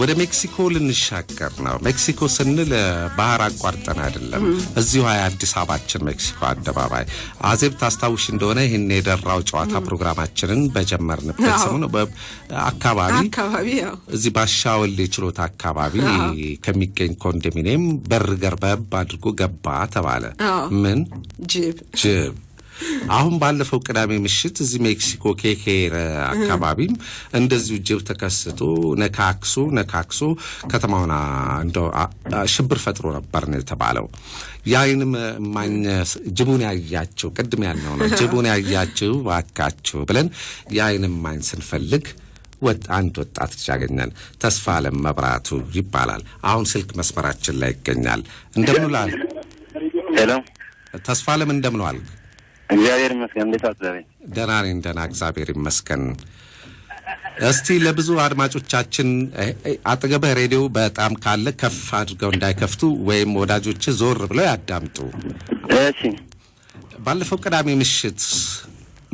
ወደ ሜክሲኮ ልንሻገር ነው። ሜክሲኮ ስንል ባህር አቋርጠን አይደለም፣ እዚሁ አዲስ አበባችን ሜክሲኮ አደባባይ። አዜብ ታስታውሽ እንደሆነ ይህን የደራው ጨዋታ ፕሮግራማችንን በጀመርንበት ነው አካባቢ እዚህ ባሻወል ችሎት አካባቢ ከሚገኝ ኮንዶሚኒየም በር ገርበብ አድርጎ ገባ ተባለ። ምን ጅብ ጅብ አሁን ባለፈው ቅዳሜ ምሽት እዚህ ሜክሲኮ ኬኬ አካባቢም እንደዚሁ ጅብ ተከስቶ ነካክሶ ነካክሶ ከተማውን እንደ ሽብር ፈጥሮ ነበር ነው የተባለው። የአይን እማኝ ጅቡን ያያቸው ቅድም ያልነው ነው። ጅቡን ያያቸው ባካቸው ብለን የአይን እማኝ ስንፈልግ አንድ ወጣት ልጅ ያገኛል። ተስፋ አለም መብራቱ ይባላል። አሁን ስልክ መስመራችን ላይ ይገኛል። እንደምንላል ዋልክ? ተስፋ አለም እንደምን እግዚአብሔር ይመስገን። እንዴት አደረኝ? ደህና ነኝ፣ ደህና እግዚአብሔር ይመስገን። እስቲ ለብዙ አድማጮቻችን አጠገብህ ሬዲዮ በጣም ካለ ከፍ አድርገው እንዳይከፍቱ ወይም ወዳጆች ዞር ብለው ያዳምጡ። እሺ። ባለፈው ቅዳሜ ምሽት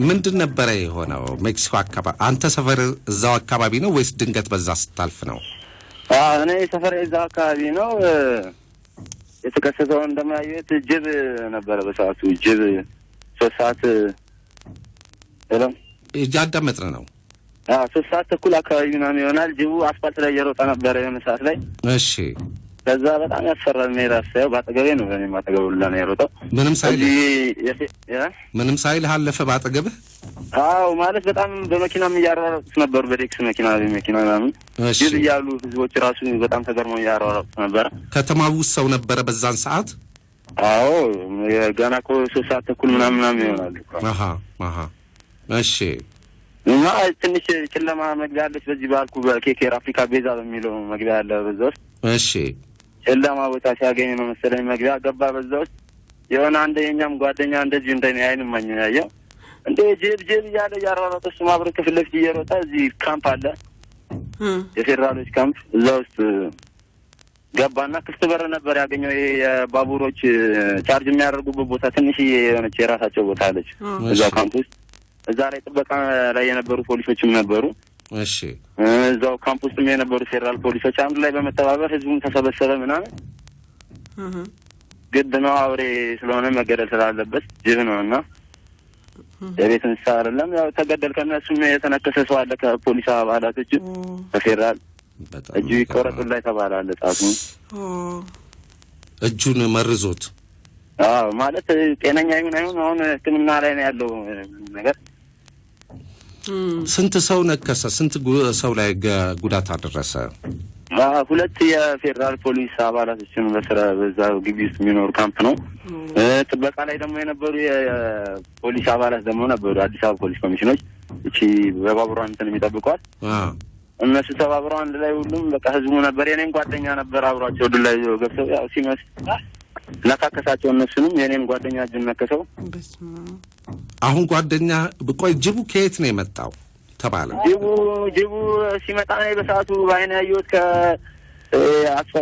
ምንድን ነበረ የሆነው? ሜክሲኮ አካባቢ አንተ ሰፈር እዛው አካባቢ ነው ወይስ ድንገት በዛ ስታልፍ ነው? እኔ ሰፈር እዛው አካባቢ ነው። የተከሰተው። እንደማያየት ጅብ ነበረ በሰዓቱ ጅብ ሶስት ሰዓት ለው እያዳመጥን ነው። ሶስት ሰዓት ተኩል አካባቢ ምናምን ይሆናል። ጅቡ አስፋልት ላይ እየሮጠ ነበረ የሆነ ሰዓት ላይ። እሺ ከዛ በጣም ያስፈራል። እኔ እራሱ ያው ባጠገቤ ነው፣ በእኔም አጠገብ ሁላ ነው የሮጠው። ምንም ሳይል ምንም ሳይል አለፈ ባጠገብህ? አዎ ማለት በጣም በመኪናም እያሯሯጡት ነበሩ፣ በዴክስ መኪና መኪና ምናምን ግዝ እያሉ ህዝቦች ራሱ በጣም ተገርመው እያሯሯጡት ነበረ። ከተማ ውስጥ ሰው ነበረ በዛን ሰዓት አዎ ገና እኮ ሶስት ሰዓት ተኩል ምናምን ምናምን ይሆናል። እሺ እና ትንሽ ጨለማ መግቢያ አለች። በዚህ ባልኩ በኬኬር አፍሪካ ቤዛ በሚለው መግቢያ ያለ በዛ ውስጥ እሺ ጨለማ ቦታ ሲያገኝ ነው መሰለኝ መግቢያ ገባ። በዛ ውስጥ የሆነ አንድ የኛም ጓደኛ እንደዚህ እንደ አይን ማኝ ያየው እንደ ጄብ ጄብ እያለ እያሯሯጠ እሱ ማብረን ክፍል ለፊት እየሮጠ እዚህ ካምፕ አለ የፌዴራሎች ካምፕ እዛ ውስጥ ገባና ክፍት በር ነበር ያገኘው። የባቡሮች ቻርጅ የሚያደርጉበት ቦታ ትንሽ የሆነች የራሳቸው ቦታ አለች እዛ ካምፕ ውስጥ። እዛ ላይ ጥበቃ ላይ የነበሩ ፖሊሶችም ነበሩ። እሺ እዛው ካምፕ ውስጥም የነበሩ ፌዴራል ፖሊሶች አንድ ላይ በመተባበር ህዝቡም ተሰበሰበ ምናምን። ግድ ነው አውሬ ስለሆነ መገደል ስላለበት ጅብ ነው እና የቤት እንስሳ አይደለም። ያው ተገደል። ከእነሱም የተነከሰ ሰው አለ ከፖሊስ አባላቶችም ከፌዴራል እጁ ይቆረጡላ አለ። ጣቱ እጁን መርዞት ማለት ጤነኛ ይሁን አይሁን አሁን ህክምና ላይ ነው ያለው ነገር። ስንት ሰው ነከሰ? ስንት ሰው ላይ ጉዳት አደረሰ? ሁለት የፌዴራል ፖሊስ አባላቶችን በስራ በዛ ግቢ ውስጥ የሚኖር ካምፕ ነው። ጥበቃ ላይ ደግሞ የነበሩ የፖሊስ አባላት ደግሞ ነበሩ። አዲስ አበባ ፖሊስ ኮሚሽኖች እቺ በባቡሯ እንትን የሚጠብቋል እነሱ ተባብረው አንድ ላይ ሁሉም በቃ ህዝቡ ነበር። የኔም ጓደኛ ነበር አብሯቸው ዱላ ላይ ገብተው ያው ሲመስ ነካከሳቸው እነሱንም የኔም ጓደኛ እጅን ነከሰው። አሁን ጓደኛ ቆይ ጅቡ ከየት ነው የመጣው ተባለ። ጅቡ ጅቡ ሲመጣ እኔ በሰዓቱ በአይን ያየሁት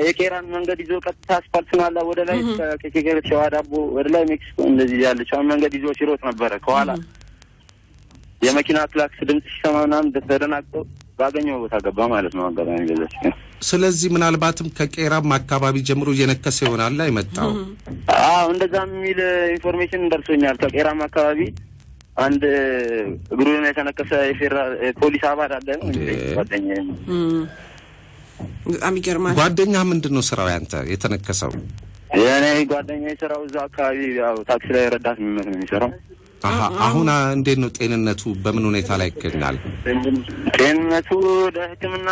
የቄራን መንገድ ይዞ ቀጥታ አስፋልት ናላ ወደ ላይ ከኬኬር ሸዋ ዳቦ ወደ ላይ ሜክሲኮ እንደዚህ ያለችውን መንገድ ይዞ ሲሮጥ ነበረ። ከኋላ የመኪና ክላክስ ድምፅ ሲሰማ ምናምን ተደናግጠው ባገኘው ቦታ ገባ ማለት ነው። አጋጣሚ ገዛች። ስለዚህ ምናልባትም ከቄራም አካባቢ ጀምሮ እየነከሰ ይሆናል አይመጣው። አዎ እንደዛ የሚል ኢንፎርሜሽን ደርሶኛል። ከቄራም አካባቢ አንድ እግሩን የተነከሰ የፌዴራል ፖሊስ አባል አለ ነው ጓደኛ በጣም ይገርማል። ጓደኛ ምንድን ነው ስራው ያንተ የተነከሰው? የእኔ ጓደኛ የስራው እዛ አካባቢ ያው ታክሲ ላይ ረዳት የሚመስል የሚሰራው አሁን እንዴት ነው ጤንነቱ? በምን ሁኔታ ላይ ይገኛል? ጤንነቱ ለሕክምና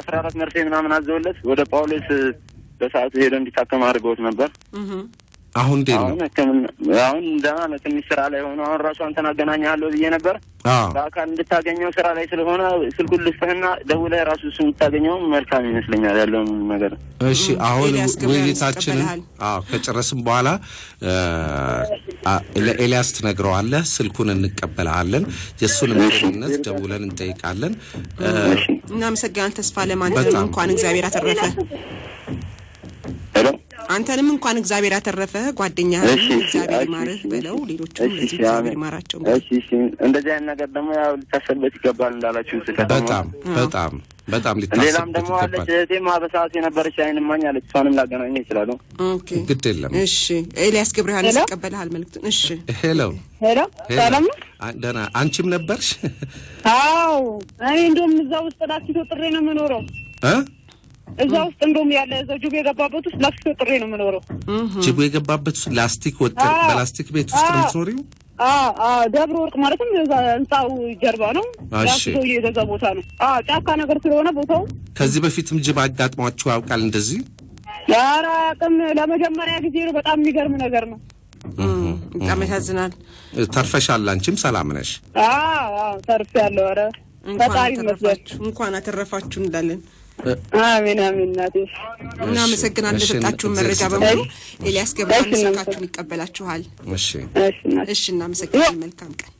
አስራ አራት መርፌ ምናምን አዘውለት ወደ ጳውሎስ በሰዓቱ ሄደ እንዲታከም አድርገውት ነበር። አሁን እንዴት ነው? አሁን ደህና ነው። ትንሽ ስራ ላይ ሆኖ አሁን ራሱ አንተን አገናኛለሁ ብዬ ነበር። በአካል እንድታገኘው ስራ ላይ ስለሆነ ስልኩን ልስጥህና ደውለህ ራሱ እሱ እንድታገኘው መልካም ይመስለኛል። ያለውን ነገር እሺ። አሁን ውይይታችንን ከጨረስም በኋላ ለኤልያስ ትነግረዋለህ። ስልኩን እንቀበልሃለን። የእሱን ምነት ደውለን እንጠይቃለን። እናመሰግናል። ተስፋ ለማንም እንኳን እግዚአብሔር አተረፈ። አንተንም እንኳን እግዚአብሔር ያተረፈህ ጓደኛ እግዚአብሔር ማረህ በለው። ሌሎቹም እዚህ እግዚአብሔር ማራቸው። እንደዚህ አይነት ነገር ደግሞ ያው ሊታሰብበት ይገባል እንዳላችሁ በጣም በጣም በጣም ሊታሰብበት ሌላም ደግሞ አለች እህቴማ ማበሳት የነበረች አይን ማኝ አለች። እሷንም ላገናኘ ይችላሉ። ግድ የለም። እሺ ኤልያስ ገብረሃንስ ይቀበልሃል መልዕክቱን። እሺ ሄሎ ሄሎ፣ ሰላም ደህና። አንቺም ነበርሽ? አዎ እኔ እንደውም እዛ ውስጥ ላኪቶ ጥሬ ነው የምኖረው እዛ ውስጥ እንደውም ያለ እዛ ጅቡ የገባበት ውስጥ ላስቲክ ወጥሬ ነው የምኖረው። ጅቡ የገባበት ውስጥ ላስቲክ ወጥ በላስቲክ ቤት ውስጥ ነው የምትኖሪው? ደብረ ወርቅ ማለትም ህንፃው ጀርባ ነው። ሰው የገዛ ቦታ ነው፣ ጫካ ነገር ስለሆነ ቦታው። ከዚህ በፊትም ጅብ አጋጥሟችሁ ያውቃል እንደዚህ? ኧረ አቅም ለመጀመሪያ ጊዜ ነው። በጣም የሚገርም ነገር ነው። በጣም ያሳዝናል። ተርፈሻል። አንቺም ሰላም ነሽ? ያለው ኧረ ፈጣሪ ይመስገን። እንኳን አተረፋችሁ እንላለን። አሜን አሜን። እናቴ እናመሰግናለን። ለሰጣችሁን መረጃ በሙሉ ኤልያስ ገብርኤል ስልካችሁን ይቀበላችኋል። እሺ፣ እናመሰግናለን። መልካም ቀን።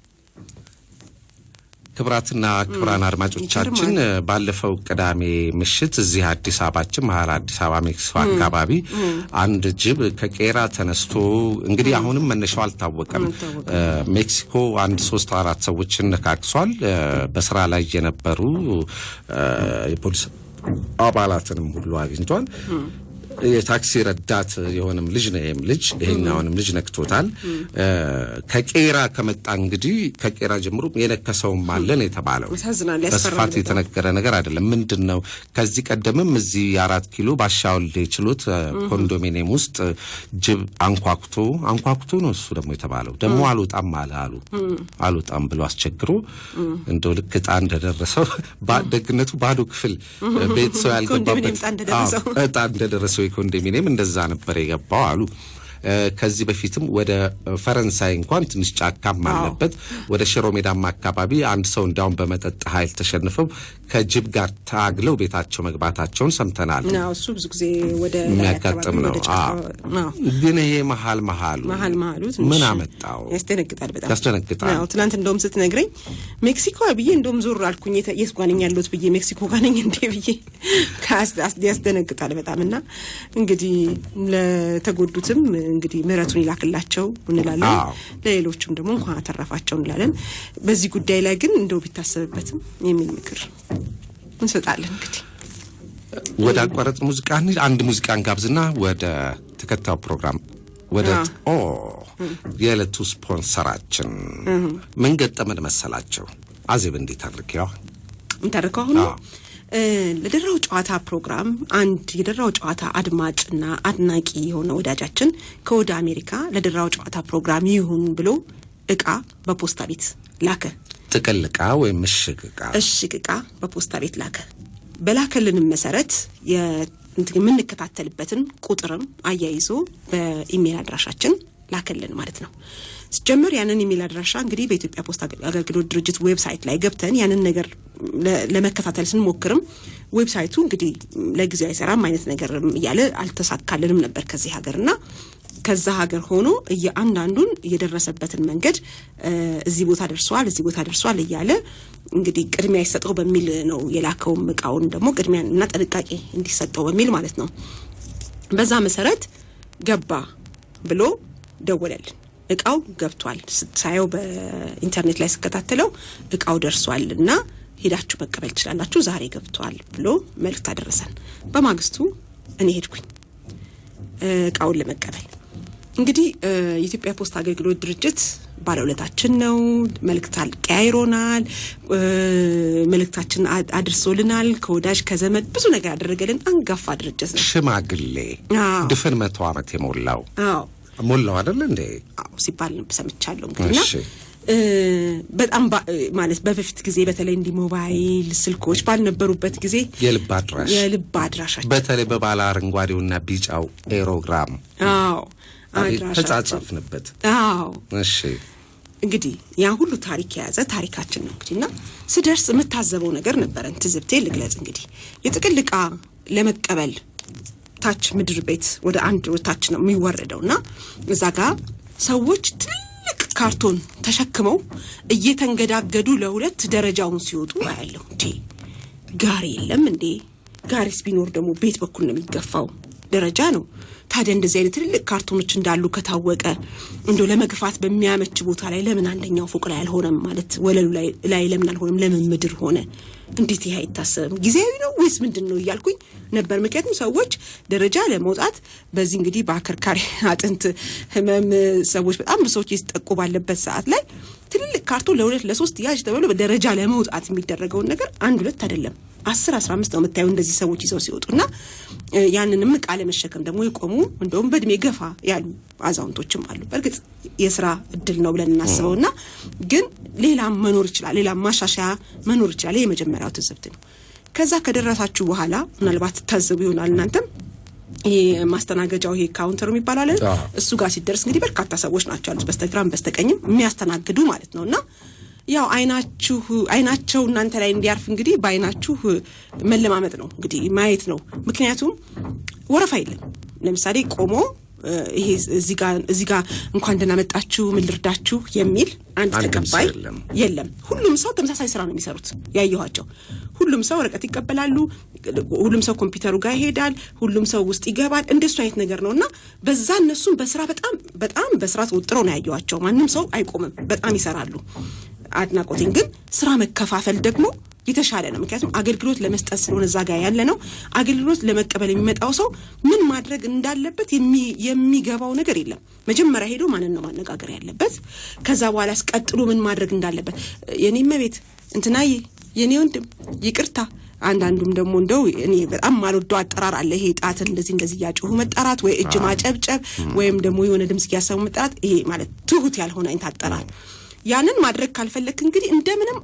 ክብራትና ክብራን አድማጮቻችን ባለፈው ቅዳሜ ምሽት እዚህ አዲስ አበባችን መሀል አዲስ አበባ ሜክሲኮ አካባቢ አንድ ጅብ ከቄራ ተነስቶ እንግዲህ አሁንም መነሻው አልታወቀም፣ ሜክሲኮ አንድ ሶስት አራት ሰዎችን ነካክሷል። በስራ ላይ የነበሩ የፖሊስ አባላትንም ሁሉ አግኝቷል። የታክሲ ረዳት የሆነም ልጅ ነው። ይህም ልጅ ይሄኛውንም ልጅ ነክቶታል። ከቄራ ከመጣ እንግዲህ ከቄራ ጀምሮ የነከሰውም አለን የተባለው በስፋት የተነገረ ነገር አይደለም። ምንድን ነው ከዚህ ቀደምም እዚህ የአራት ኪሎ ባሻወልዴ ችሎት ኮንዶሚኒየም ውስጥ ጅብ አንኳኩቶ አንኳኩቶ ነው እሱ ደግሞ የተባለው ደግሞ አልወጣም አለ አሉ አልወጣም ብሎ አስቸግሮ እንደው ልክ እጣ እንደደረሰው ደግነቱ ባዶ ክፍል ቤት ሰው ያልገባበት እጣ እንደደረሰው የኮንዶሚኒየም እንደዛ ነበር የገባው አሉ። ከዚህ በፊትም ወደ ፈረንሳይ እንኳን ትንሽ ጫካም አለበት ወደ ሽሮ ሜዳማ አካባቢ አንድ ሰው እንዲያውም በመጠጥ ኃይል ተሸንፈው ከጅብ ጋር ታግለው ቤታቸው መግባታቸውን ሰምተናል። እሱ ብዙ ጊዜ የሚያጋጥም ነው። ግን ይሄ መሀል መሀሉ ምን አመጣው? ያስደነግጣል፣ በጣም ያስደነግጣል። ትናንት እንደውም ስትነግረኝ ሜክሲኮ ብዬ እንደውም ዞር አልኩኝ። የት ጓ ነኝ ያለሁት ብዬ ሜክሲኮ ጋ ነኝ እንዴ ብዬ ያስደነግጣል በጣም እና እንግዲህ ለተጎዱትም እንግዲህ ምረቱን ይላክላቸው እንላለን። ለሌሎችም ደግሞ እንኳን አተረፋቸው እንላለን። በዚህ ጉዳይ ላይ ግን እንደው ቢታሰብበትም የሚል ምክር እንሰጣለን። እንግዲህ ወደ አቋረጥ ሙዚቃ አንድ ሙዚቃን ጋብዝና ወደ ተከታዩ ፕሮግራም ወደ ኦ የዕለቱ ስፖንሰራችን ምን ገጠመን መሰላቸው? አዜብ እንዴት አድርግ ያው እንተርከው አሁኑ ለደራው ጨዋታ ፕሮግራም አንድ የደራው ጨዋታ አድማጭና አድናቂ የሆነ ወዳጃችን ከወደ አሜሪካ ለደራው ጨዋታ ፕሮግራም ይሁን ብሎ እቃ በፖስታ ቤት ላከ። ጥቅል እቃ ወይም እሽግ እቃ እሽግ እቃ በፖስታ ቤት ላከ። በላከልንም መሰረት የምንከታተልበትን ቁጥርም አያይዞ በኢሜል አድራሻችን ላከልን ማለት ነው። ስጀምር ያንን ኢሜል አድራሻ እንግዲህ በኢትዮጵያ ፖስታ አገልግሎት ድርጅት ዌብሳይት ላይ ገብተን ያንን ነገር ለመከታተል ስንሞክርም ዌብሳይቱ እንግዲህ ለጊዜው አይሰራም አይነት ነገር እያለ አልተሳካልንም ነበር ከዚህ ሀገር እና ከዛ ሀገር ሆኖ እየአንዳንዱን የደረሰበትን መንገድ እዚህ ቦታ ደርሰዋል እዚህ ቦታ ደርሷል እያለ እንግዲህ ቅድሚያ ይሰጠው በሚል ነው የላከውም እቃውን ደግሞ ቅድሚያ እና ጥንቃቄ እንዲሰጠው በሚል ማለት ነው። በዛ መሰረት ገባ ብሎ ደወለልን። እቃው ገብቷል። ሳየው በኢንተርኔት ላይ ስከታተለው እቃው ደርሷል እና ሄዳችሁ መቀበል ትችላላችሁ፣ ዛሬ ገብቷል ብሎ መልእክት አደረሰን። በማግስቱ እኔ ሄድኩኝ እቃውን ለመቀበል። እንግዲህ የኢትዮጵያ ፖስታ አገልግሎት ድርጅት ባለውለታችን ነው። መልእክት አቀያይሮናል፣ መልእክታችን አድርሶልናል። ከወዳጅ ከዘመድ ብዙ ነገር ያደረገልን አንጋፋ ድርጅት ነው። ሽማግሌ ድፍን መቶ ዓመት የሞላው አዎ ሙል ነው አይደል እንዴ? ሲባል ነው ሰምቻለሁ። እንግዲህ በጣም ማለት በበፊት ጊዜ በተለይ እንዲህ ሞባይል ስልኮች ባልነበሩበት ጊዜ የልብ አድራሽ የልብ አድራሻቸው በተለይ በባለ አረንጓዴውና ቢጫው ኤሮግራም አዎ ተጻጻፍንበት። አዎ እሺ። እንግዲህ ያ ሁሉ ታሪክ የያዘ ታሪካችን ነው እንግዲህ እና ስደርስ የምታዘበው ነገር ነበረን። ትዝብቴ ልግለጽ እንግዲህ የጥቅል ዕቃ ለመቀበል ታች ምድር ቤት ወደ አንድ ወታች ነው የሚወረደው እና እዛ ጋ ሰዎች ትልቅ ካርቶን ተሸክመው እየተንገዳገዱ ለሁለት ደረጃውን ሲወጡ አያለሁ። እንዴ ጋሪ የለም እንዴ? ጋሪስ ቢኖር ደግሞ ቤት በኩል ነው የሚገፋው ደረጃ ነው። ታዲያ እንደዚህ አይነት ትልልቅ ካርቶኖች እንዳሉ ከታወቀ እንደው ለመግፋት በሚያመች ቦታ ላይ ለምን አንደኛው ፎቅ ላይ አልሆነም? ማለት ወለሉ ላይ ለምን አልሆነም? ለምን ምድር ሆነ? እንዴት ይህ አይታሰብም? ጊዜያዊ ነው ወይስ ምንድን ነው እያልኩኝ ነበር። ምክንያቱም ሰዎች ደረጃ ለመውጣት በዚህ እንግዲህ በአከርካሪ አጥንት ህመም ሰዎች በጣም ብዙ ሰዎች ይጠቁ ባለበት ሰዓት ላይ ትልልቅ ካርቶን ለሁለት ለሶስት ያዥ ተብሎ በደረጃ ለመውጣት የሚደረገውን ነገር አንድ ሁለት አይደለም አስር አስራ አምስት ነው የምታየው እንደዚህ ሰዎች ይዘው ሲወጡ እና ያንንም እቃ ለመሸከም ደግሞ የቆሙ እንደውም በእድሜ ገፋ ያሉ አዛውንቶችም አሉ። በእርግጥ የስራ እድል ነው ብለን እናስበው እና ግን ሌላም መኖር ይችላል፣ ሌላም ማሻሻያ መኖር ይችላል። የመጀመሪያው ትዝብት ነው። ከዛ ከደረሳችሁ በኋላ ምናልባት ታዘቡ ይሆናል እናንተም ይሄ ማስተናገጃው ይሄ ካውንተሩ የሚባላል እሱ ጋር ሲደርስ እንግዲህ በርካታ ሰዎች ናቸው ያሉት፣ በስተግራም በስተቀኝም የሚያስተናግዱ ማለት ነው እና ያው አይናችሁ አይናቸው እናንተ ላይ እንዲያርፍ እንግዲህ በአይናችሁ መለማመጥ ነው እንግዲህ ማየት ነው። ምክንያቱም ወረፋ የለም። ለምሳሌ ቆሞ ይሄ እዚህ ጋ እንኳን ደህና መጣችሁ ምን ልርዳችሁ የሚል አንድ ተቀባይ የለም። ሁሉም ሰው ተመሳሳይ ስራ ነው የሚሰሩት። ያየኋቸው ሁሉም ሰው ወረቀት ይቀበላሉ፣ ሁሉም ሰው ኮምፒውተሩ ጋር ይሄዳል፣ ሁሉም ሰው ውስጥ ይገባል። እንደሱ አይነት ነገር ነው እና በዛ እነሱም በስራ በጣም በጣም በስራ ተወጥረው ነው ያየኋቸው። ማንም ሰው አይቆምም፣ በጣም ይሰራሉ። አድናቆቴን ግን ስራ መከፋፈል ደግሞ የተሻለ ነው። ምክንያቱም አገልግሎት ለመስጠት ስለሆነ እዛ ጋር ያለ ነው። አገልግሎት ለመቀበል የሚመጣው ሰው ምን ማድረግ እንዳለበት የሚገባው ነገር የለም። መጀመሪያ ሄዶ ማንን ነው ማነጋገር ያለበት? ከዛ በኋላ ስቀጥሎ ምን ማድረግ እንዳለበት የኔ መቤት እንትናዬ፣ የኔ ወንድም ይቅርታ አንዳንዱም ደግሞ እንደው እኔ በጣም ማልወደው አጠራር አለ። ይሄ ጣትን እንደዚህ እንደዚህ እያጮሁ መጠራት ወይ እጅ ማጨብጨብ ወይም ደግሞ የሆነ ድምጽ እያሰሙ መጠራት፣ ይሄ ማለት ትሁት ያልሆነ አይነት አጠራር ያንን ማድረግ ካልፈለክ እንግዲህ እንደምንም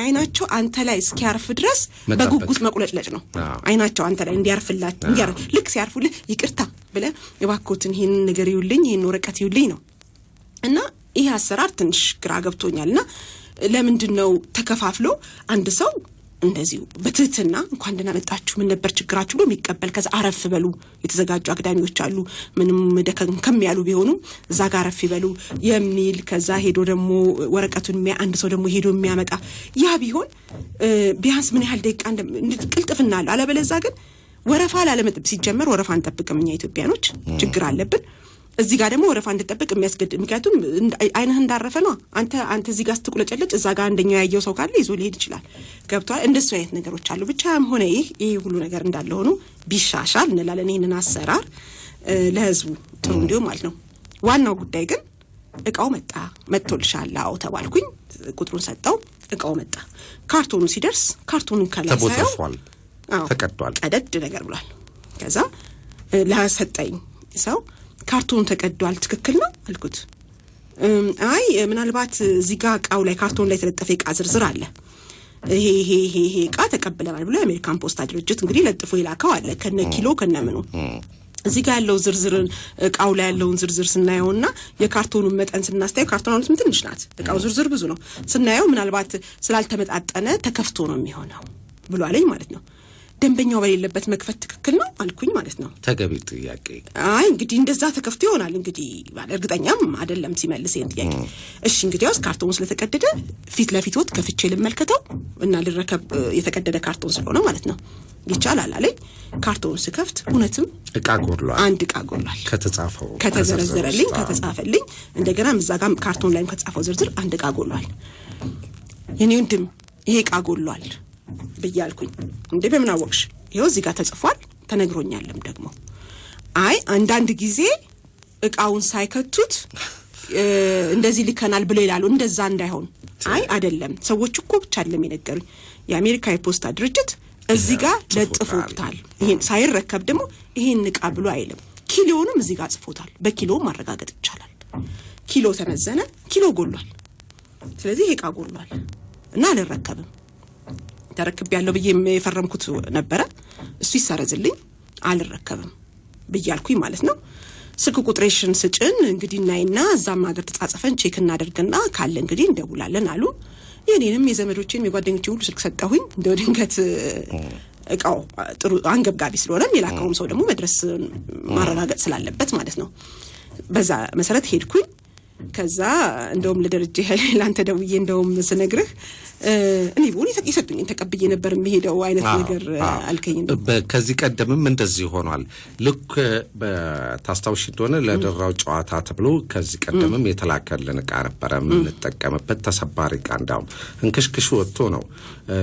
አይናቸው አንተ ላይ እስኪያርፍ ድረስ በጉጉት መቁለጭለጭ ነው። አይናቸው አንተ ላይ እንዲያር ልክ ሲያርፉልህ ይቅርታ ብለህ የባኮትን ይህን ነገር ይውልኝ፣ ይህን ወረቀት ይውልኝ ነው እና ይህ አሰራር ትንሽ ግራ ገብቶኛል እና ለምንድን ነው ተከፋፍሎ አንድ ሰው እንደዚሁ በትህትና እንኳን ደህና መጣችሁ፣ ምን ነበር ችግራችሁ ብሎ የሚቀበል ከዛ አረፍ በሉ የተዘጋጁ አግዳሚዎች አሉ። ምንም ደከም ከም ያሉ ቢሆኑም እዛ ጋር አረፍ ይበሉ የሚል ከዛ ሄዶ ደግሞ ወረቀቱን አንድ ሰው ደግሞ ሄዶ የሚያመጣ ያ ቢሆን ቢያንስ ምን ያህል ደቂቃ ቅልጥፍና አለ። አለበለዛ ግን ወረፋ ላለመጠብ ሲጀመር ወረፋ አንጠብቅም እኛ ኢትዮጵያኖች ችግር አለብን። እዚህ ጋር ደግሞ ወረፋ እንድጠብቅ የሚያስገድድ ምክንያቱም አይንህ እንዳረፈ ነው። አንተ አንተ እዚህ ጋር ስትቁለጨለጭ እዛ ጋር አንደኛው ያየው ሰው ካለ ይዞ ሊሄድ ይችላል። ገብቷል። እንደሱ አይነት ነገሮች አሉ። ብቻም ሆነ ይህ ይህ ሁሉ ነገር እንዳለ ሆኖ ቢሻሻል እንላለን። ይህንን አሰራር ለህዝቡ ጥሩ እንዲሁም ማለት ነው። ዋናው ጉዳይ ግን እቃው መጣ መጥቶልሻል፣ አዎ ተባልኩኝ። ቁጥሩን ሰጠው፣ እቃው መጣ። ካርቶኑ ሲደርስ ካርቶኑን ከላይ ተቀዷል፣ ቀደድ ነገር ብሏል። ከዛ ለሰጠኝ ሰው ካርቶኑ ተቀዷል፣ ትክክል ነው አልኩት። አይ ምናልባት እዚህ ጋር እቃው ላይ ካርቶን ላይ የተለጠፈ እቃ ዝርዝር አለ ይሄ ይሄ ይሄ ይሄ እቃ ተቀብለናል ብሎ የአሜሪካን ፖስታ ድርጅት እንግዲህ ለጥፎ የላከው አለ ከነ ኪሎ ከነ ምኑ እዚህ ጋር ያለው ዝርዝርን እቃው ላይ ያለውን ዝርዝር ስናየው ና የካርቶኑን መጠን ስናስተየው ካርቶን አሁነትም ትንሽ ናት። እቃው ዝርዝር ብዙ ነው። ስናየው ምናልባት ስላልተመጣጠነ ተከፍቶ ነው የሚሆነው ብሎ አለኝ ማለት ነው። ደንበኛው በሌለበት መክፈት ትክክል ነው አልኩኝ ማለት ነው። ተገቢ ጥያቄ። አይ እንግዲህ እንደዛ ተከፍቶ ይሆናል እንግዲህ እርግጠኛም አይደለም ሲመልስ ይህን ጥያቄ። እሺ እንግዲያውስ ካርቶኑ ስለተቀደደ ፊት ለፊትዎት ከፍቼ ልመልከተው እና ልረከብ የተቀደደ ካርቶን ስለሆነ ማለት ነው ይቻላል አለኝ። ካርቶን ስከፍት እውነትም እቃ ጎድሏል፣ አንድ እቃ ጎድሏል። ከተጻፈው ከተዘረዘረልኝ ከተጻፈልኝ እንደገና እዛ ጋር ካርቶን ላይም ከተጻፈው ዝርዝር አንድ እቃ ጎድሏል። የኔ ወንድም ይሄ እቃ ጎድሏል ብዬ እንዴ በምን አወቅሽ? ይኸው እዚህ ጋር ተጽፏል ተነግሮኛለም ደግሞ። አይ አንዳንድ ጊዜ እቃውን ሳይከቱት እንደዚህ ልከናል ብሎ ይላሉ። እንደዛ እንዳይሆን አይ አይደለም፣ ሰዎች እኮ ብቻ አይደለም የነገሩኝ የአሜሪካ የፖስታ ድርጅት እዚህ ጋር ለጥፎታል። ይሄን ሳይረከብ ደግሞ ይሄን እቃ ብሎ አይልም። ኪሎውንም እዚህ ጋር ጽፎታል። በኪሎ ማረጋገጥ ይቻላል። ኪሎ ተመዘነ፣ ኪሎ ጎሏል። ስለዚህ ይሄ እቃ ጎሏል እና አልረከብም ተረክብ ያለው ብዬ የፈረምኩት ነበረ። እሱ ይሰረዝልኝ አልረከብም ብያልኩኝ ማለት ነው። ስልክ ቁጥሬሽን ስጭን እንግዲህ እናይና እዛም ሀገር ተጻጽፈን ቼክ እናደርግና ካለ እንግዲህ እንደውላለን አሉ። የኔንም የዘመዶችን የጓደኞች ሁሉ ስልክ ሰጠሁኝ። እንደው ድንገት እቃው ጥሩ አንገብጋቢ ስለሆነም የላከውም ሰው ደግሞ መድረስ ማረጋገጥ ስላለበት ማለት ነው። በዛ መሰረት ሄድኩኝ። ከዛ እንደውም ለደረጀ ኃይሌ ላንተ ደውዬ እንደውም ስነግርህ እኔ በሆን የሰጡኝን ተቀብዬ ነበር የሚሄደው አይነት ነገር አልከኝ። ከዚህ ቀደምም እንደዚህ ሆኗል። ልክ ታስታውሽ እንደሆነ ለደራው ጨዋታ ተብሎ ከዚህ ቀደምም የተላከልን እቃ ነበረ የምንጠቀምበት ተሰባሪ እቃ። እንዳውም እንክሽክሽ ወጥቶ ነው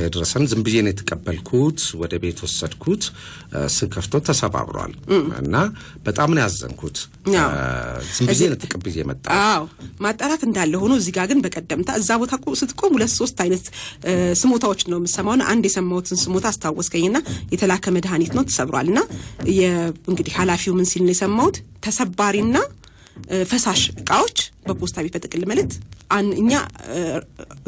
የደረሰን። ዝም ብዬ ነው የተቀበልኩት፣ ወደ ቤት ወሰድኩት። ስከፍቶ ተሰባብሯል እና በጣም ነው ያዘንኩት። ዝም ብዬ ነው ተቀብዬ መጣ። ማጣራት እንዳለ ሆኖ እዚህ ጋር ግን በቀደምታ እዛ ቦታ ስትቆም ሁለት ሶስት አይነት ስሞታዎች ነው የምሰማውን አንድ የሰማሁትን ስሞታ አስታወስከኝና የተላከ መድኃኒት ነው ተሰብሯል እና እንግዲህ ሀላፊው ምን ሲል ነው የሰማሁት ተሰባሪና ፈሳሽ እቃዎች በፖስታ ቢፈጥቅል በጥቅል እኛ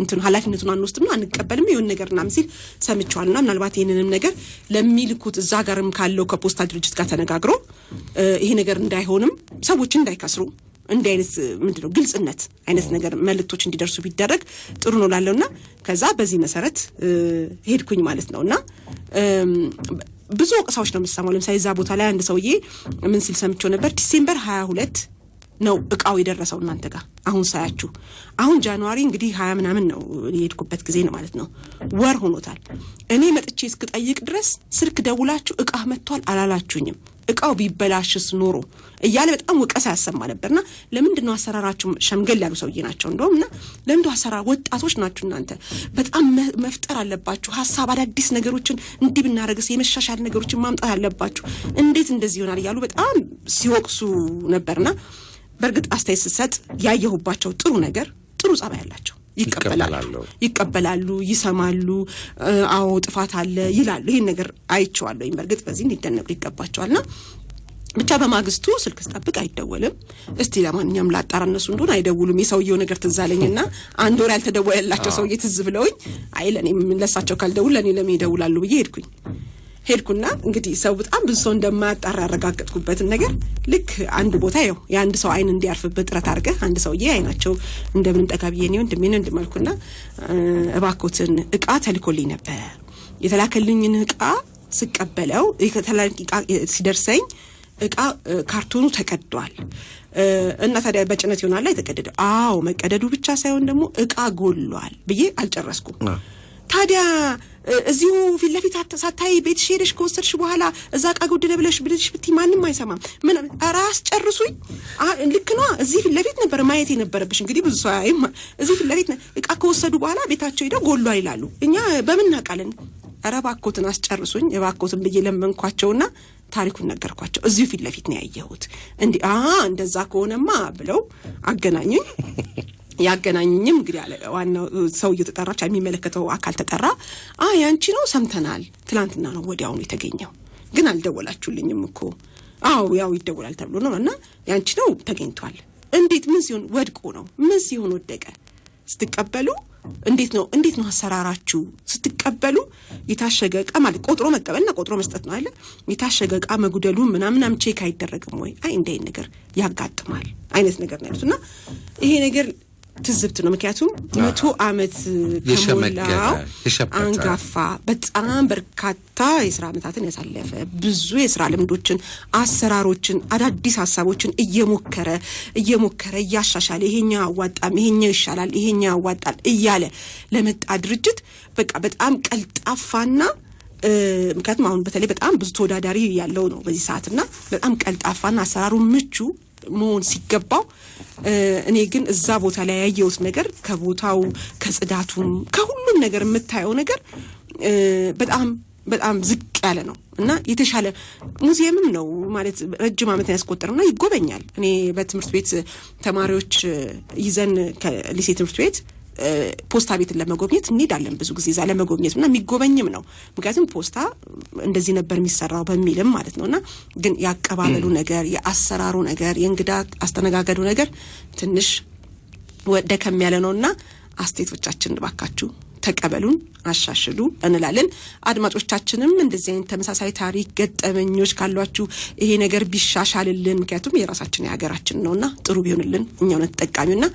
እንትን ሀላፊነቱን አንወስድም ነው አንቀበልም የሆን ነገር ና ምሲል ሰምቸዋል። ና ምናልባት ይህንንም ነገር ለሚልኩት እዛ ጋርም ካለው ከፖስታ ድርጅት ጋር ተነጋግሮ ይሄ ነገር እንዳይሆንም ሰዎች እንዳይከስሩ እንዲህ አይነት ምንድነው ግልጽነት አይነት ነገር መልእክቶች እንዲደርሱ ቢደረግ ጥሩ ነው ላለው ና ከዛ በዚህ መሰረት ሄድኩኝ ማለት ነው እና ብዙ ወቅሳዎች ነው የምሰማው። ለምሳሌ እዛ ቦታ ላይ አንድ ሰውዬ ምን ሲል ሰምቸው ነበር ዲሴምበር ሀያ ሁለት ነው እቃው የደረሰው እናንተ ጋር አሁን ሳያችሁ። አሁን ጃንዋሪ እንግዲህ ሀያ ምናምን ነው የሄድኩበት ጊዜ ነው ማለት ነው፣ ወር ሆኖታል። እኔ መጥቼ እስክጠይቅ ድረስ ስልክ ደውላችሁ እቃ መጥቷል አላላችሁኝም። እቃው ቢበላሽስ ኖሮ እያለ በጣም ወቀሳ ያሰማ ነበርና ለምንድን ነው አሰራራችሁ? ሸምገል ያሉ ሰውዬ ናቸው እንደውም እና ለምንድ አሰራር ወጣቶች ናችሁ እናንተ በጣም መፍጠር አለባችሁ። ሀሳብ አዳዲስ ነገሮችን እንዲህ ብናደረግስ የመሻሻል ነገሮችን ማምጣት አለባችሁ። እንዴት እንደዚህ ይሆናል እያሉ በጣም ሲወቅሱ ነበርና በእርግጥ አስተያየት ስሰጥ ያየሁባቸው ጥሩ ነገር ጥሩ ጸባይ ያላቸው ይቀበላሉ ይቀበላሉ፣ ይሰማሉ። አዎ ጥፋት አለ ይላሉ። ይህን ነገር አይቼዋለሁ። በእርግጥ በዚህ ሊደነቁ ይገባቸዋልና ብቻ በማግስቱ ስልክ ስጠብቅ አይደወልም። እስቲ ለማንኛውም ላጣራ እነሱ እንደሆነ አይደውሉም። የሰውየው ነገር ትዝ አለኝና አንድ ወር ያልተደወለላቸው ሰውዬ ትዝ ብለውኝ፣ አይ ለእኔ ለሳቸው ካልደውል ለእኔ ለምን ይደውላሉ ብዬ ሄድኩኝ። ሄድኩና እንግዲህ ሰው በጣም ብዙ ሰው እንደማያጣር ያረጋገጥኩበትን ነገር ልክ አንድ ቦታ ው የአንድ ሰው አይን እንዲያርፍበት ጥረት አድርገህ አንድ ሰውዬ አይናቸው እንደምንጠጋ ብዬ ኔ ወንድሜ እንድመልኩና እባኮትን እቃ ተልኮልኝ ነበር የተላከልኝን እቃ ስቀበለው ሲደርሰኝ እቃ ካርቶኑ ተቀዷል እና ታዲያ በጭነት ይሆናል የተቀደደው። አዎ መቀደዱ ብቻ ሳይሆን ደግሞ እቃ ጎሏል ብዬ አልጨረስኩም። ታዲያ እዚሁ ፊት ለፊት ሳታይ ቤትሽ ሄደሽ ከወሰድሽ በኋላ እዛ እቃ ጎደለ ብለሽ ብልሽ ብትይ ማንም አይሰማም። ምን ራስ ጨርሱኝ። ልክ ነዋ። እዚህ ፊት ለፊት ነበር ማየት የነበረብሽ። እንግዲህ ብዙ ሰው አያይም። እዚህ ፊት ለፊት እቃ ከወሰዱ በኋላ ቤታቸው ሄደው ጎሏል ይላሉ። እኛ በምን እናውቃለን? ኧረ እባክዎትን አስጨርሱኝ እባክዎትን ብዬ ለመንኳቸውና ታሪኩን ነገርኳቸው። እዚሁ ፊት ለፊት ነው ያየሁት። እንዲህ እንደዛ ከሆነማ ብለው አገናኙኝ። ያገናኝም እንግዲህ ዋናው ሰው እየተጠራች የሚመለከተው አካል ተጠራ። አይ ነው ሰምተናል፣ ትላንትና ነው ወዲያውኑ የተገኘው፣ ግን አልደወላችሁልኝም እኮ። አዎ ያው ይደወላል ተብሎ ነው እና ያንቺ ነው ተገኝቷል። እንዴት ምን ሲሆን ወድቆ ነው? ምን ሲሆን ወደቀ? ስትቀበሉ እንዴት ነው እንዴት ነው አሰራራችሁ? ስትቀበሉ የታሸገ እቃ ማለት ቆጥሮ መቀበልና ቆጥሮ መስጠት ነው አለ። የታሸገ እቃ መጉደሉ ምናምናም ቼክ አይደረግም ወይ? አይ እንዲህ አይነት ነገር ያጋጥማል አይነት ነገር ነው ያሉት እና ይሄ ነገር ትዝብት ነው። ምክንያቱም መቶ ዓመት ከሞላ አንጋፋ በጣም በርካታ የስራ ዓመታትን ያሳለፈ ብዙ የስራ ልምዶችን፣ አሰራሮችን፣ አዳዲስ ሀሳቦችን እየሞከረ እየሞከረ እያሻሻለ ይሄኛው አዋጣም ይሄኛው ይሻላል ይሄኛው ያዋጣል እያለ ለመጣ ድርጅት በቃ በጣም ቀልጣፋና ምክንያቱም አሁን በተለይ በጣም ብዙ ተወዳዳሪ ያለው ነው በዚህ ሰዓት በጣም ቀልጣፋና አሰራሩ ምቹ መሆን ሲገባው እኔ ግን እዛ ቦታ ላይ ያየሁት ነገር ከቦታው ከጽዳቱም ከሁሉም ነገር የምታየው ነገር በጣም በጣም ዝቅ ያለ ነው እና የተሻለ ሙዚየምም ነው ማለት ረጅም ዓመት ያስቆጠረው እና ይጎበኛል። እኔ በትምህርት ቤት ተማሪዎች ይዘን ከሊሴ ትምህርት ቤት ፖስታ ቤትን ለመጎብኘት እንሄዳለን ብዙ ጊዜ እዛ ለመጎብኘት እና የሚጎበኝም ነው። ምክንያቱም ፖስታ እንደዚህ ነበር የሚሰራው በሚልም ማለት ነው እና ግን ያቀባበሉ ነገር፣ የአሰራሩ ነገር፣ የእንግዳ አስተነጋገዱ ነገር ትንሽ ደከም ያለ ነው እና አስተያየቶቻችንን ተቀበሉን፣ አሻሽሉ እንላለን። አድማጮቻችንም እንደዚህ አይነት ተመሳሳይ ታሪክ ገጠመኞች ካሏችሁ ይሄ ነገር ቢሻሻልልን፣ ምክንያቱም የራሳችን የሀገራችን ነውና ጥሩ ቢሆንልን እኛው ተጠቃሚውና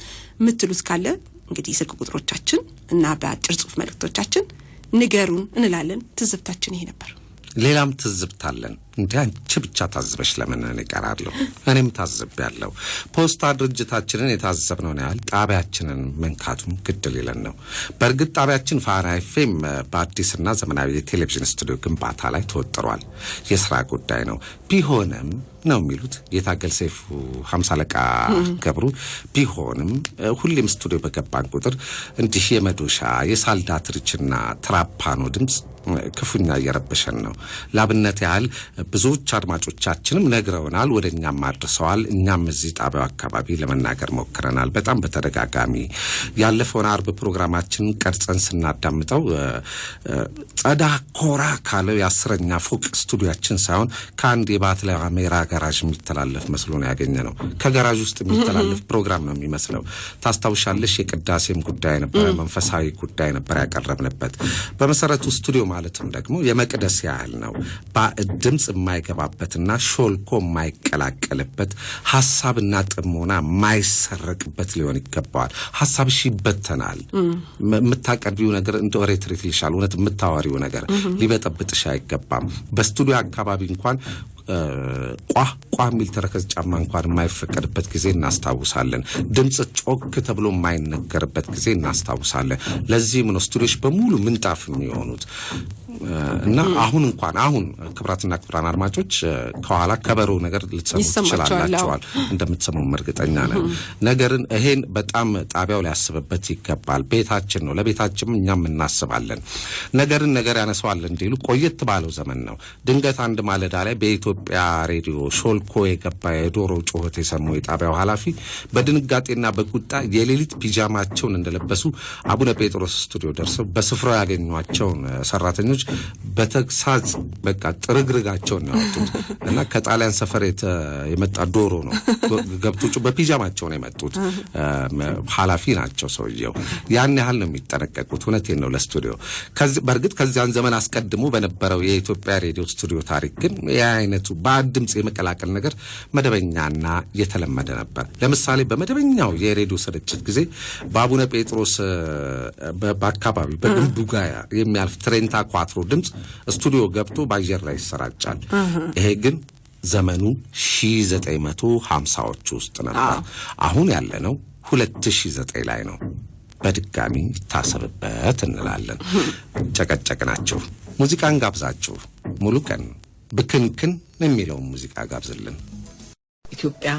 የምትሉት ካለ እንግዲህ ስልክ ቁጥሮቻችን እና በአጭር ጽሁፍ መልእክቶቻችን ንገሩን እንላለን። ትዝብታችን ይሄ ነበር። ሌላም ትዝብታለን። እንዲህ አንቺ ብቻ ታዝበሽ ለምን እኔ እቀራለሁ? እኔም ታዝብ ያለው ፖስታ ድርጅታችንን የታዘብነውን ያህል ጣቢያችንን መንካቱም ግድል ይለን ነው። በእርግጥ ጣቢያችን ፋና ኤፍኤም በአዲስና ዘመናዊ የቴሌቪዥን ስቱዲዮ ግንባታ ላይ ተወጥሯል። የስራ ጉዳይ ነው። ቢሆንም ነው የሚሉት የታገል ሰይፉ ሀምሳ አለቃ ገብሩ። ቢሆንም ሁሌም ስቱዲዮ በገባን ቁጥር እንዲህ የመዶሻ የሳልዳትሪችና ትራፓኖ ድምፅ ክፉኛ እየረበሸን ነው። ላብነት ያህል ብዙዎች አድማጮቻችንም ነግረውናል፣ ወደ እኛም አድርሰዋል። እኛም እዚህ ጣቢያው አካባቢ ለመናገር ሞክረናል። በጣም በተደጋጋሚ ያለፈውን አርብ ፕሮግራማችን ቀርጸን ስናዳምጠው ጸዳ ኮራ ካለው የአስረኛ ፎቅ ስቱዲያችን ሳይሆን ከአንድ የባትላ አሜራ ጋራዥ የሚተላለፍ መስሎ ነው ያገኘ ነው። ከጋራዥ ውስጥ የሚተላለፍ ፕሮግራም ነው የሚመስለው። ታስታውሻለሽ? የቅዳሴም ጉዳይ ነበረ፣ መንፈሳዊ ጉዳይ ነበር ያቀረብንበት። በመሰረቱ ስቱዲዮ ማለትም ደግሞ የመቅደስ ያህል ነው ድምፅ የማይገባበትና ሾልኮ የማይቀላቀልበት ሀሳብና ጥሞና የማይሰረቅበት ሊሆን ይገባዋል። ሀሳብሽ ይበተናል። የምታቀርቢው ነገር እንደ ሬትሬት ይልሻል። እውነት የምታወሪው ነገር ሊበጠብጥሽ አይገባም። በስቱዲዮ አካባቢ እንኳን ቋ ቋ የሚል ተረከዝ ጫማ እንኳን የማይፈቀድበት ጊዜ እናስታውሳለን። ድምፅ ጮክ ተብሎ የማይነገርበት ጊዜ እናስታውሳለን። ለዚህም ነው ስቱዲዮች በሙሉ ምንጣፍ የሚሆኑት። እና አሁን እንኳን አሁን ክብራትና ክብራን አድማጮች ከኋላ ከበሮ ነገር ልትሰሙ ትችላላችኋል። እንደምትሰሙም እርግጠኛ ነን። ነገርን ይሄን በጣም ጣቢያው ሊያስብበት ይገባል። ቤታችን ነው፣ ለቤታችንም እኛም እናስባለን። ነገርን ነገር ያነሰዋል እንዲሉ ቆየት ባለው ዘመን ነው። ድንገት አንድ ማለዳ ላይ በኢትዮጵያ ሬዲዮ ሾልኮ የገባ የዶሮ ጩኸት የሰሙ የጣቢያው ኃላፊ በድንጋጤና በቁጣ የሌሊት ፒጃማቸውን እንደለበሱ አቡነ ጴጥሮስ ስቱዲዮ ደርሰው በስፍራው ያገኟቸውን ሰራተኞች በተግሳጽ በቃ ጥርግርጋቸውን ነው ያወጡት እና ከጣሊያን ሰፈር የመጣ ዶሮ ነው ገብቶቹ በፒጃማቸው ነው የመጡት። ኃላፊ ናቸው ሰውየው። ያን ያህል ነው የሚጠነቀቁት። እውነቴን ነው ለስቱዲዮ በእርግጥ ከዚያን ዘመን አስቀድሞ በነበረው የኢትዮጵያ ሬዲዮ ስቱዲዮ ታሪክ ግን የአይነቱ በአድ ድምፅ የመቀላቀል ነገር መደበኛና የተለመደ ነበር። ለምሳሌ በመደበኛው የሬዲዮ ስርጭት ጊዜ በአቡነ ጴጥሮስ በአካባቢ በግንቡጋያ የሚያልፍ ትሬንታ ኳትሮ የሚያስሩ ድምፅ ስቱዲዮ ገብቶ በአየር ላይ ይሰራጫል። ይሄ ግን ዘመኑ 1950ዎቹ ውስጥ ነበር። አሁን ያለነው 2009 ላይ ነው። በድጋሚ ታሰብበት እንላለን። ጨቀጨቅ ናቸው። ሙዚቃን ጋብዛችሁ ሙሉ ቀን ብክንክን የሚለውን ሙዚቃ ጋብዝልን። ኢትዮጵያ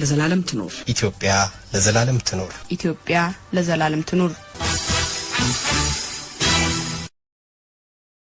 ለዘላለም ትኖር። ኢትዮጵያ ለዘላለም ትኖር። ኢትዮጵያ ለዘላለም ትኖር።